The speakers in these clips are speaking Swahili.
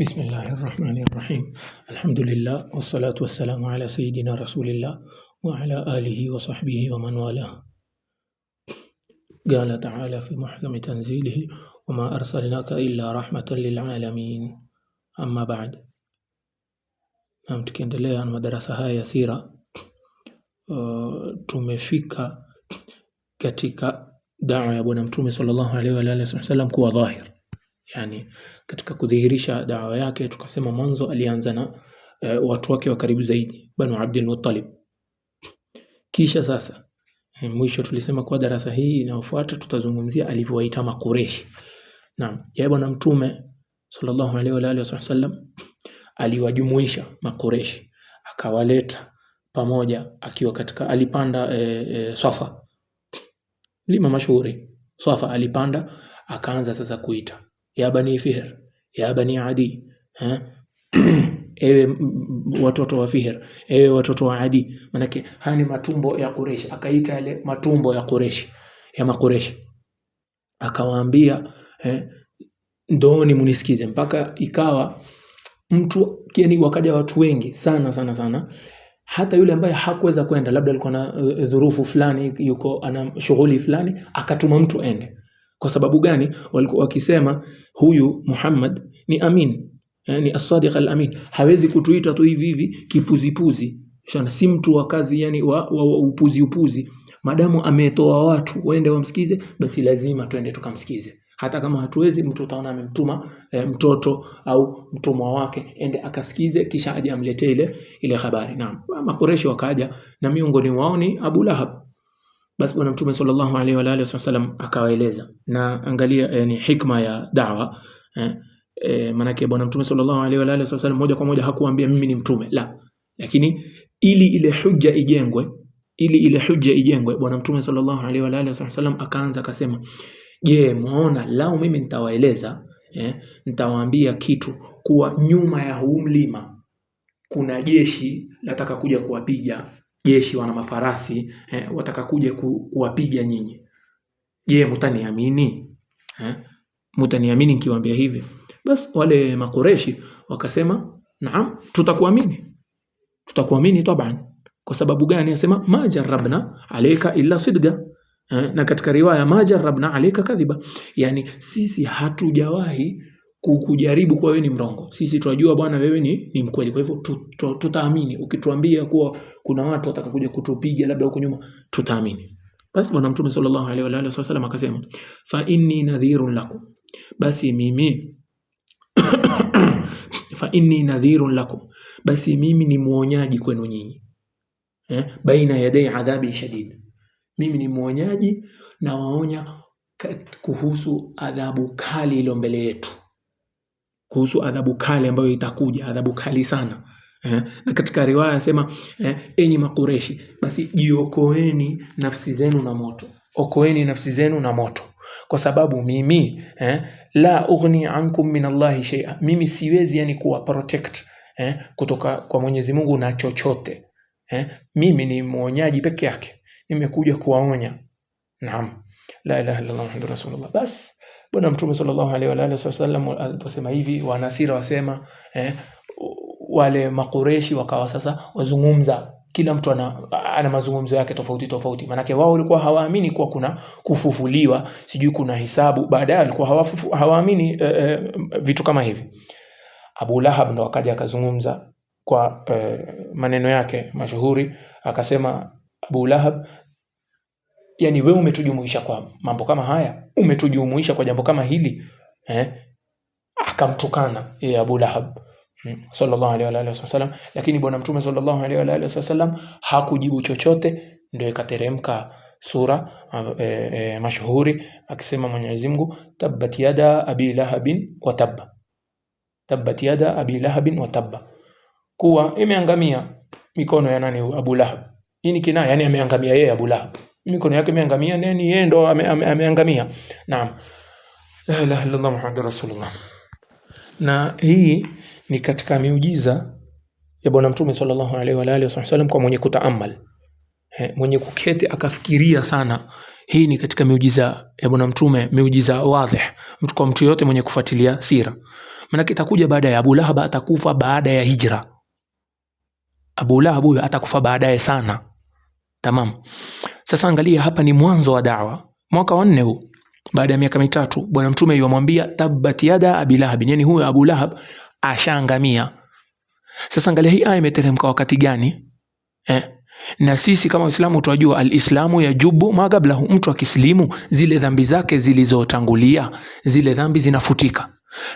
بسم الله الرحمن الرحيم الحمد لله والصلاة والسلام على سيدنا رسول الله وعلى آله وصحبه ومن والاه قال تعالى في محكم تنزيله وما أرسلناك إلا رحمة للعالمين أما بعد نعم tukiendelea na madarasa مدرسة ya sira uh, كتك دعوة يا أبو نمتومي صلى الله عليه وآله وسلم كوا ظاهر yani katika kudhihirisha dawa yake tukasema mwanzo alianza na e, watu wake wa karibu zaidi Banu Abdul Muttalib. Kisha sasa e, mwisho tulisema kwa darasa hii inayofuata tutazungumzia alivyowaita Makureshi. Naam, yeye bwana mtume sallallahu alaihi wa alihi wasallam aliwajumuisha Makureshi akawaleta pamoja akiwa katika alipanda e, eh, e, Swafa mlima mashuhuri Swafa alipanda, akaanza sasa kuita ya bani Fihr, ya bani Adi ha? ewe watoto wa Fihr, ewe watoto wa Adi. Manake haya ni matumbo ya Quraysh, akaita yale matumbo ya Quraysh ya Makureshi, akawaambia eh, ndooni munisikize. Mpaka ikawa mtu yani, wakaja watu wengi sana sana sana hata yule ambaye hakuweza kwenda, labda alikuwa na uh, dhurufu fulani, yuko ana shughuli fulani, akatuma mtu ende kwa sababu gani? Walikuwa wakisema huyu Muhammad ni amin, yani eh, as-sadiq al-amin, hawezi kutuita tu hivi hivi kipuzipuzi Shana, si mtu wa kazi yani wa, wa, wa upuzi upuzi. Madamu ametoa watu waende wamsikize, basi lazima tuende tukamsikize, hata kama hatuwezi. Mtu utaona amemtuma e, mtoto au mtumwa wake ende akasikize, kisha aje amletee ile ile habari. Naam, makoresho wakaja na miongoni wao ni Abu Lahab. Basi bwana Mtume sallallahu alaihi wa alihi wasallam akawaeleza, na angalia eh, ni hikma ya dawa eh, eh, maanake bwana Mtume sallallahu alaihi wa alihi wasallam moja kwa moja hakuambia mimi ni mtume la, lakini ili ile hujja ijengwe, ili ile hujja ijengwe, bwana Mtume sallallahu alaihi wa alihi wasallam akaanza akasema, je, muona lau mimi nitawaeleza eh, nitawaambia kitu kuwa nyuma ya huu mlima kuna jeshi nataka kuja kuwapiga jeshi wana mafarasi eh, kuja ku, kuwapiga nyinyi. Je, mutaniamini eh? Mutaniamini nikiwaambia hivi Basi wale makureshi wakasema naam, tutakuamini, tutakuamini taban. Kwa sababu gani? Asema ma jarabna alayka illa sidga eh, na katika riwaya ma jarabna alayka kadhiba, yani sisi hatujawahi kujaribu kuwa wewe ni mrongo. Sisi tunajua bwana, wewe ni, ni mkweli. Kwa hivyo tutaamini ukituambia kuwa kuna watu watakakuja kutupiga labda huko nyuma, tutaamini. Basi Bwana Mtume sallallahu alaihi wa alihi wasallam akasema, fa inni nadhirun lakum, basi mimi fa inni nadhirun lakum, basi mimi ni muonyaji kwenu nyinyi eh, baina yadai adhabi shadid, mimi ni muonyaji na waonya kuhusu adhabu kali iliyo mbele yetu kuhusu adhabu kali ambayo itakuja, adhabu kali sana. Eh, na katika riwaya asema eh, enyi Makureshi, basi jiokoeni nafsi zenu na moto, okoeni nafsi zenu na moto, kwa sababu mimi eh, la ughni ankum min Allahi shay'a, mimi siwezi yani kuwa protect eh, kutoka kwa Mwenyezi Mungu na chochote eh, mimi ni mwonyaji peke yake, nimekuja kuwaonya. Naam, la ilaha illallah muhammadur rasulullah basi bwana mtume sallallahu alaihi wa alihi wasallam aliposema hivi wanasira wasema eh, wale makureshi wakawa sasa wazungumza kila mtu ana, ana mazungumzo yake tofauti tofauti maanake wao walikuwa hawaamini kuwa kuna kufufuliwa sijui kuna hisabu baadaye walikuwa hawaamini eh, eh, vitu kama hivi abu lahab ndo akaja akazungumza kwa eh, maneno yake mashuhuri akasema abu lahab yani we umetujumuisha kwa mambo kama haya umetujumuisha kwa jambo kama hili eh? akamtukana yeye eh, Abu Lahab hmm. sallallahu alaihi wa alihi wasallam lakini bwana mtume sallallahu alaihi wa alihi wasallam hakujibu chochote ndio ikateremka sura e, e, mashuhuri akisema Mwenyezi Mungu tabbat yada abi lahabin wa tabba tabbat yada abi lahabin wa tabba kuwa imeangamia mikono ya nani Abu Lahab hii ni kinaya yani ameangamia yeye Abu Lahab mikono yake imeangamia nini, yeye ndo ameangamia naam, la ilaha illallah muhammadu rasulullah. Na hii ni katika miujiza ya Bwana Mtume sallallahu alaihi wa alihi wasallam kwa mwenye kutaamal, eh, mwenye kuketi akafikiria sana. Hii ni katika miujiza ya Bwana Mtume, miujiza wadhih mtu kwa mtu yote mwenye kufuatilia sira, maanake itakuja baada ya abulahaba atakufa baada ya hijra. abulahabu huyo atakufa baadaye sana, tamam. Sasa angalia hapa, ni mwanzo wa da'wa, mwaka wa nne huu baada ya miaka mitatu. Bwana Mtume yuamwambia tabbat yada abi lahab, yani huyo Abu Lahab ashangamia. Sasa angalia hii aya imeteremka wakati gani eh? na sisi kama Waislamu tunajua alislamu yajubu magablahu, mtu akisilimu zile dhambi zake zilizotangulia zile dhambi zinafutika.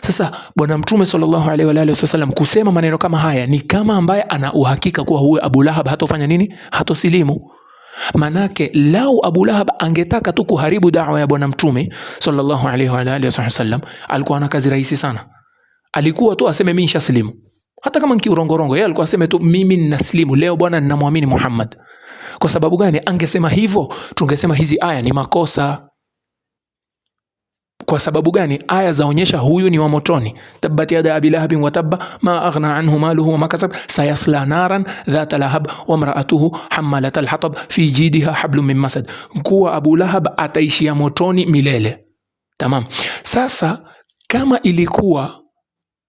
Sasa Bwana Mtume sallallahu alaihi wa alihi wasallam kusema maneno kama haya ni kama ambaye ana uhakika kuwa huyo Abu Lahab hatofanya nini, hatosilimu. Manake lau Abu Lahab angetaka tu kuharibu dawa ya Bwana Mtume sallallahu alaihi wa alihi wasallam, alikuwa na kazi rahisi sana. Alikuwa tu aseme mimi nishaslimu, hata kama nkiurongorongo, yeye alikuwa aseme tu mimi ninaslimu leo, bwana ninamwamini Muhammad. Kwa sababu gani? Angesema hivyo, tungesema hizi aya ni makosa kwa sababu gani? Aya zaonyesha huyu ni wa motoni. Tabbat yada abi lahab wa tabba ma aghna anhu maluhu wa makasab sayasla naran dhat lahab wa imraatuhu hamalat alhatab fi jidiha hablum min masad, kuwa Abu Lahab ataishia motoni milele. Tamam. Sasa kama ilikuwa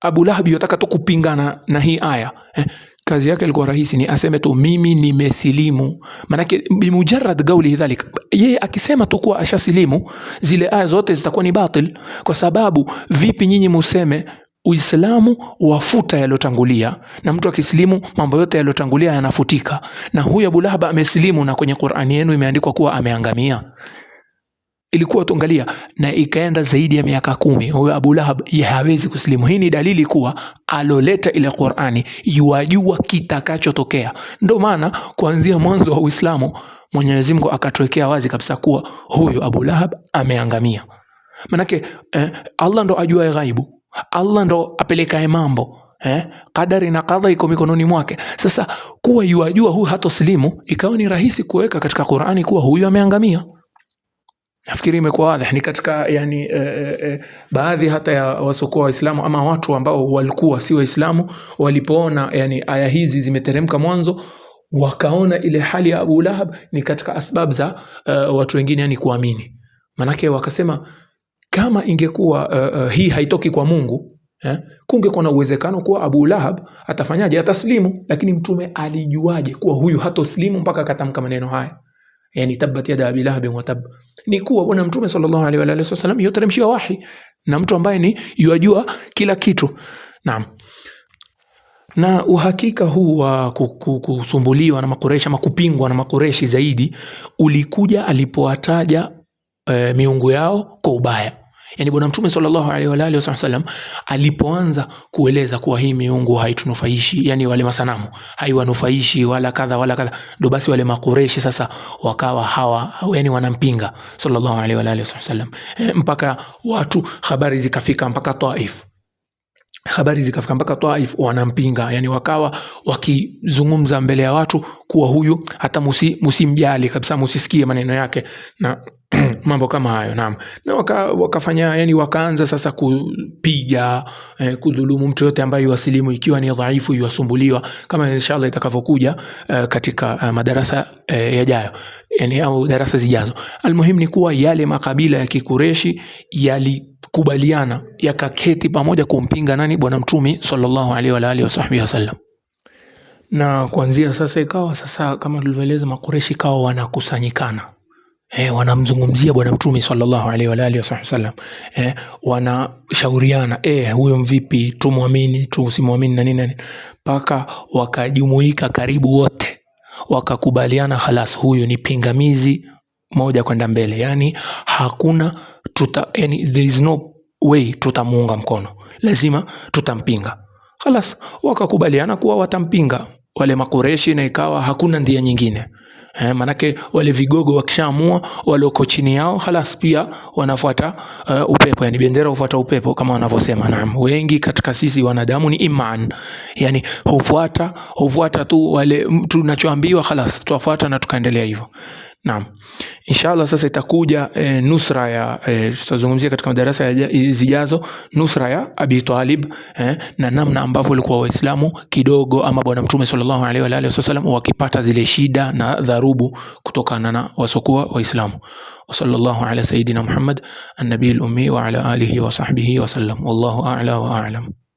Abu Lahab yotaka tu kupingana na hii aya eh, kazi yake ilikuwa rahisi, ni aseme tu mimi nimesilimu. Manake bimujarad gauli dhalik, yeye akisema tu kuwa ashasilimu, zile aya zote zitakuwa ni batil, kwa sababu vipi nyinyi museme Uislamu wafuta yaliyotangulia, na mtu akisilimu mambo yote yaliyotangulia yanafutika, na huyu Abu Lahab amesilimu na kwenye Qur'ani yenu imeandikwa kuwa ameangamia ilikuwa tuangalia na ikaenda zaidi ya miaka kumi, huyo Abu Lahab hawezi kusilimu. Hii ni dalili kuwa aloleta ile Qur'ani yuwajua kitakachotokea. Ndio maana kuanzia mwanzo wa Uislamu Mwenyezi Mungu akatuwekea wazi kabisa kuwa huyu Abu Lahab ameangamia. Manake eh, Allah ndo ajuae ghaibu, Allah ndo apelekae mambo Eh, kadari na kadha iko mikononi mwake. Sasa kuwa yuwajua huyu hatoslimu, ikawa ni rahisi kuweka katika Qur'ani kuwa huyu ameangamia nafikiri imekuwa wadha ni katika yani e, e, baadhi hata ya wasokoa waislamu ama watu ambao walikuwa si waislamu walipoona yani aya hizi zimeteremka mwanzo wakaona ile hali ya Abu Lahab ni katika asbab za uh, watu wengine yani kuamini manake wakasema kama ingekuwa uh, uh, hii haitoki kwa Mungu eh, kungekuwa na uwezekano kuwa Abu Lahab atafanyaje ataslimu lakini mtume alijuaje kuwa huyu hatoslimu mpaka akatamka maneno haya yani tabat yada abi lahab wa tab, ni kuwa bwana mtume sallallahu alaihi wa alihi wasallam yuteremshiwa wahi na mtu ambaye ni yajua kila kitu. Naam. Na uhakika huu wa kusumbuliwa na Makureshi ama kupingwa na Makureshi zaidi ulikuja alipowataja e, miungu yao kwa ubaya yaani bwana mtume sallallahu alaihi wa alihi wasallam alipoanza kueleza kuwa hii miungu haitunufaishi yani wale masanamu haiwanufaishi wala kadha wala kadha ndo basi wale makureshi sasa wakawa hawa yani wanampinga sallallahu alaihi wa alihi wasallam e, mpaka watu habari zikafika mpaka Taif habari zikafika mpaka Taif wanampinga, yani wakawa wakizungumza mbele ya watu kuwa huyu hata musi, musimjali kabisa, musisikie maneno yake na mambo kama hayo naam na waka, wakafanya yani wakaanza sasa kupiga eh, kudhulumu mtu yote ambaye yuwasilimu ikiwa ni dhaifu yuwasumbuliwa kama inshallah itakavyokuja eh, katika eh, madarasa eh, yajayo yani au darasa zijazo almuhim ni kuwa yale makabila ya kikureshi yali yalikubaliana yakaketi pamoja kumpinga nani bwana mtumi sallallahu alaihi wa alihi wasahbihi wasallam na kuanzia sasa ikawa sasa kama tulivyoeleza makureshi kawa wanakusanyikana eh, wanamzungumzia Bwana Mtume sallallahu alaihi wa alihi wasallam eh, wanashauriana eh, huyo mvipi, tumwamini tusimwamini na nini mpaka wakajumuika karibu wote wakakubaliana, halas, huyu ni pingamizi moja kwenda mbele, yani hakuna tuta, yani, there is no way tutamuunga mkono, lazima tutampinga. Halas, wakakubaliana kuwa watampinga wale Makureshi, na ikawa hakuna ndia nyingine eh, manake wale vigogo wakishaamua walioko chini yao halas pia wanafuata uh, upepo yani bendera hufuata upepo kama wanavyosema. Naam, wengi katika sisi wanadamu ni iman, yani hufuata hufuata tu wale tunachoambiwa, halas tuwafuata na tukaendelea hivyo. Naam, inshallah sasa itakuja e, nusra ya e, tutazungumzia katika madarasa zijazo nusra ya Abi Talib eh, na namna ambavyo walikuwa Waislamu kidogo ama Bwana Mtume sallallahu alaihi wa alihi wasallam wakipata zile shida na dharubu kutokana na wasokuwa Waislamu. wa sallallahu ala sayidina Muhammad an-nabiyil ummi wa ala alihi wa sahbihi wa sallam. Wallahu a'la wa a'lam.